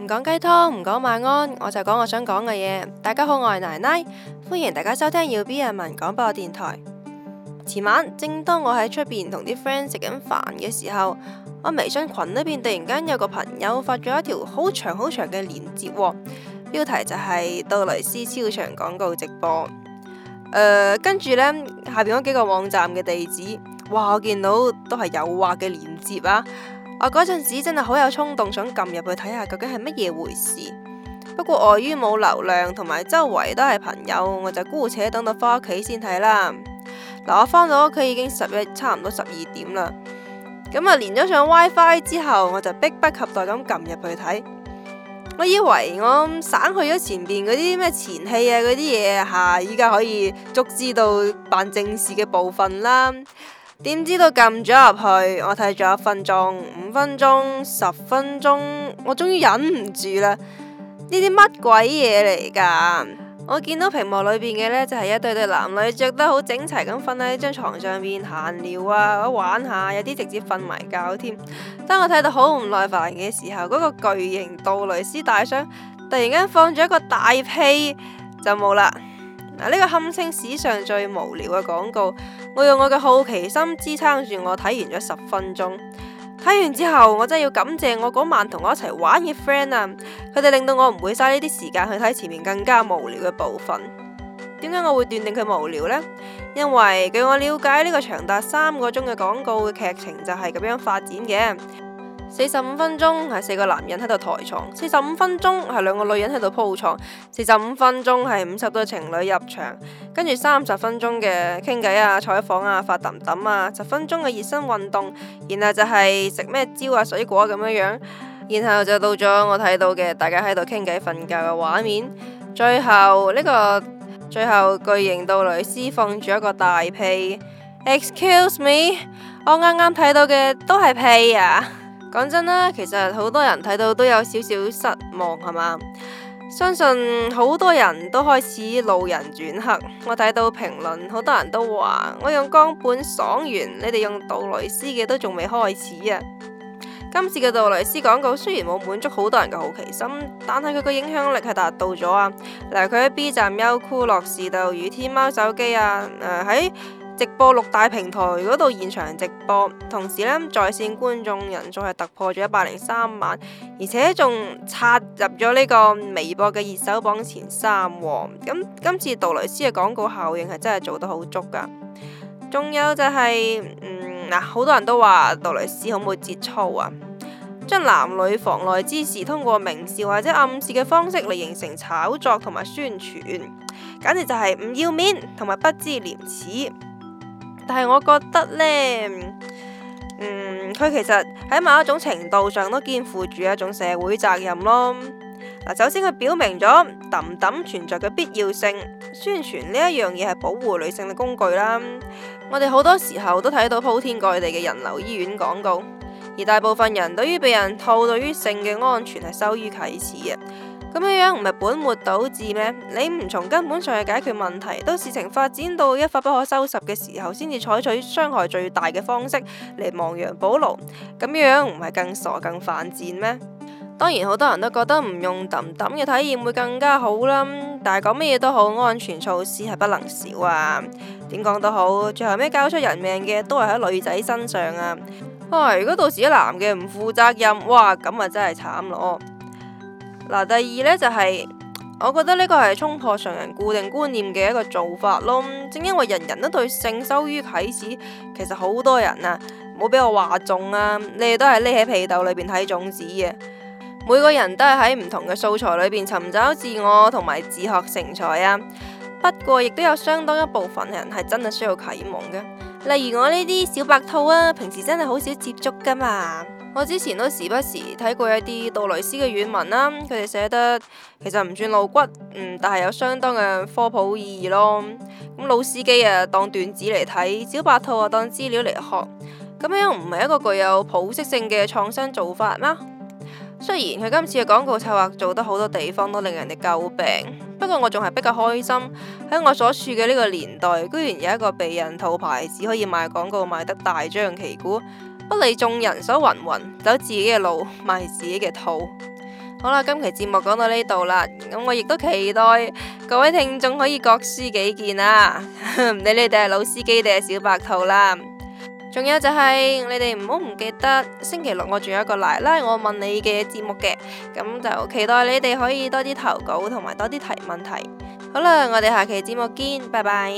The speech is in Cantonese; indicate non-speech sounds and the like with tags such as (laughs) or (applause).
唔講雞湯，唔講晚安，我就講我想講嘅嘢。大家好，我係奶奶，歡迎大家收聽要 B 人民廣播電台。前晚，正當我喺出邊同啲 friend 食緊飯嘅時候，我微信群裏邊突然間有個朋友發咗一條好長好長嘅鏈接，標題就係杜蕾斯超長廣告直播。誒、呃，跟住呢，下邊嗰幾個網站嘅地址，哇，我見到都係誘惑嘅鏈接啊！我嗰陣時真係好有衝動想撳入去睇下究竟係乜嘢回事，不過礙於冇流量同埋周圍都係朋友，我就姑且等到返屋企先睇啦。嗱、嗯，我返到屋企已經十一差唔多十二點啦，咁、嗯、啊，連咗上 WiFi 之後，我就迫不及待咁撳入去睇。我以為我省去咗前邊嗰啲咩前戲啊嗰啲嘢吓，依家可以直接到辦正事嘅部分啦。點知道撳咗入去，我睇咗一分鐘、五分鐘、十分鐘，我終於忍唔住啦！呢啲乜鬼嘢嚟噶？我見到屏幕裏邊嘅呢，就係一對對男女着得好整齊咁瞓喺張床上面閒聊啊，玩下，有啲直接瞓埋覺添。當我睇到好唔耐煩嘅時候，嗰個巨型杜蕾斯大箱突然間放咗一個大屁，就冇啦。嗱，呢個堪稱史上最無聊嘅廣告，我用我嘅好奇心支撐住我睇完咗十分鐘。睇完之後，我真係要感謝我嗰晚同我一齊玩嘅 friend 啊！佢哋令到我唔會嘥呢啲時間去睇前面更加無聊嘅部分。點解我會斷定佢無聊呢？因為據我了解，呢個長達三個鐘嘅廣告嘅劇情就係咁樣發展嘅。四十五分鐘係四個男人喺度抬床，四十五分鐘係兩個女人喺度鋪床，四十五分鐘係五十對情侶入場，跟住三十分鐘嘅傾偈啊、採訪啊、發氹氹啊，十分鐘嘅熱身運動，然後就係食咩蕉啊、水果咁、啊、樣樣，然後就到咗我睇到嘅大家喺度傾偈瞓覺嘅畫面，最後呢、這個最後巨型杜蕾斯放住一個大屁，Excuse me，我啱啱睇到嘅都係屁啊！講真啦，其實好多人睇到都有少少失望，係嘛？相信好多人都開始路人轉黑。我睇到評論，好多人都話我用岡本爽完，你哋用杜蕾斯嘅都仲未開始啊！今次嘅杜蕾斯廣告雖然冇滿足好多人嘅好奇心，但係佢個影響力係達到咗啊！嗱、呃，佢喺 B 站、優酷、樂視、鬥魚、天貓手機啊，誒喺。直播六大平台嗰度現場直播，同時呢，在線觀眾人數係突破咗一百零三萬，而且仲刷入咗呢個微博嘅熱搜榜前三。咁今，今次杜蕾斯嘅廣告效應係真係做得好足㗎。仲有就係、是、嗯嗱，好、啊、多人都話杜蕾斯好冇節操啊，將男女房內之事通過明示或者暗示嘅方式嚟形成炒作同埋宣傳，簡直就係唔要面同埋不知廉恥。但係我覺得呢，嗯，佢其實喺某一種程度上都肩負住一種社會責任咯。嗱，首先佢表明咗氹氹存在嘅必要性，宣傳呢一樣嘢係保護女性嘅工具啦。我哋好多時候都睇到鋪天蓋地嘅人流醫院廣告，而大部分人對於避孕套對於性嘅安全係羞於啟齒嘅。咁樣樣唔係本末倒置咩？你唔從根本上去解決問題，到事情發展到一發不可收拾嘅時候，先至採取傷害最大嘅方式嚟亡羊補牢，咁樣樣唔係更傻更犯賤咩？當然好多人都覺得唔用抌抌嘅體驗會更加好啦，但係講乜嘢都好，安全措施係不能少啊。點講都好，最後咩搞出人命嘅都係喺女仔身上啊！唉，如果到時啲男嘅唔負責任，哇，咁啊真係慘咯！嗱，第二呢，就係、是，我覺得呢個係衝破常人固定觀念嘅一個做法咯。正因為人人都對性羞於啟齒，其實好多人啊，冇俾我話中啊，你哋都係匿喺被竇裏邊睇種子嘅。每個人都係喺唔同嘅素材裏邊尋找自我同埋自學成才啊。不過亦都有相當一部分人係真係需要啟蒙嘅。例如我呢啲小白兔啊，平時真係好少接觸噶嘛。我之前都時不時睇過一啲杜蕾斯嘅軟文啦，佢哋寫得其實唔算露骨，嗯，但係有相當嘅科普意義咯。咁老司機啊，當段子嚟睇；小白兔啊，當資料嚟學。咁樣唔係一個具有普適性嘅創新做法咩？雖然佢今次嘅廣告策劃做得好多地方都令人哋詬病，不過我仲係比較開心，喺我所處嘅呢個年代，居然有一個避孕套牌子可以賣廣告賣得大張旗鼓，不理眾人所云云，走自己嘅路，賣自己嘅套。好啦，今期節目講到呢度啦，咁我亦都期待各位聽眾可以各抒己見啦，唔 (laughs) 理你哋係老司機定係小白兔啦。仲有就係、是，你哋唔好唔記得星期六我仲有一個奶奶我問你嘅節目嘅，咁就期待你哋可以多啲投稿同埋多啲提問題。好啦，我哋下期節目見，拜拜。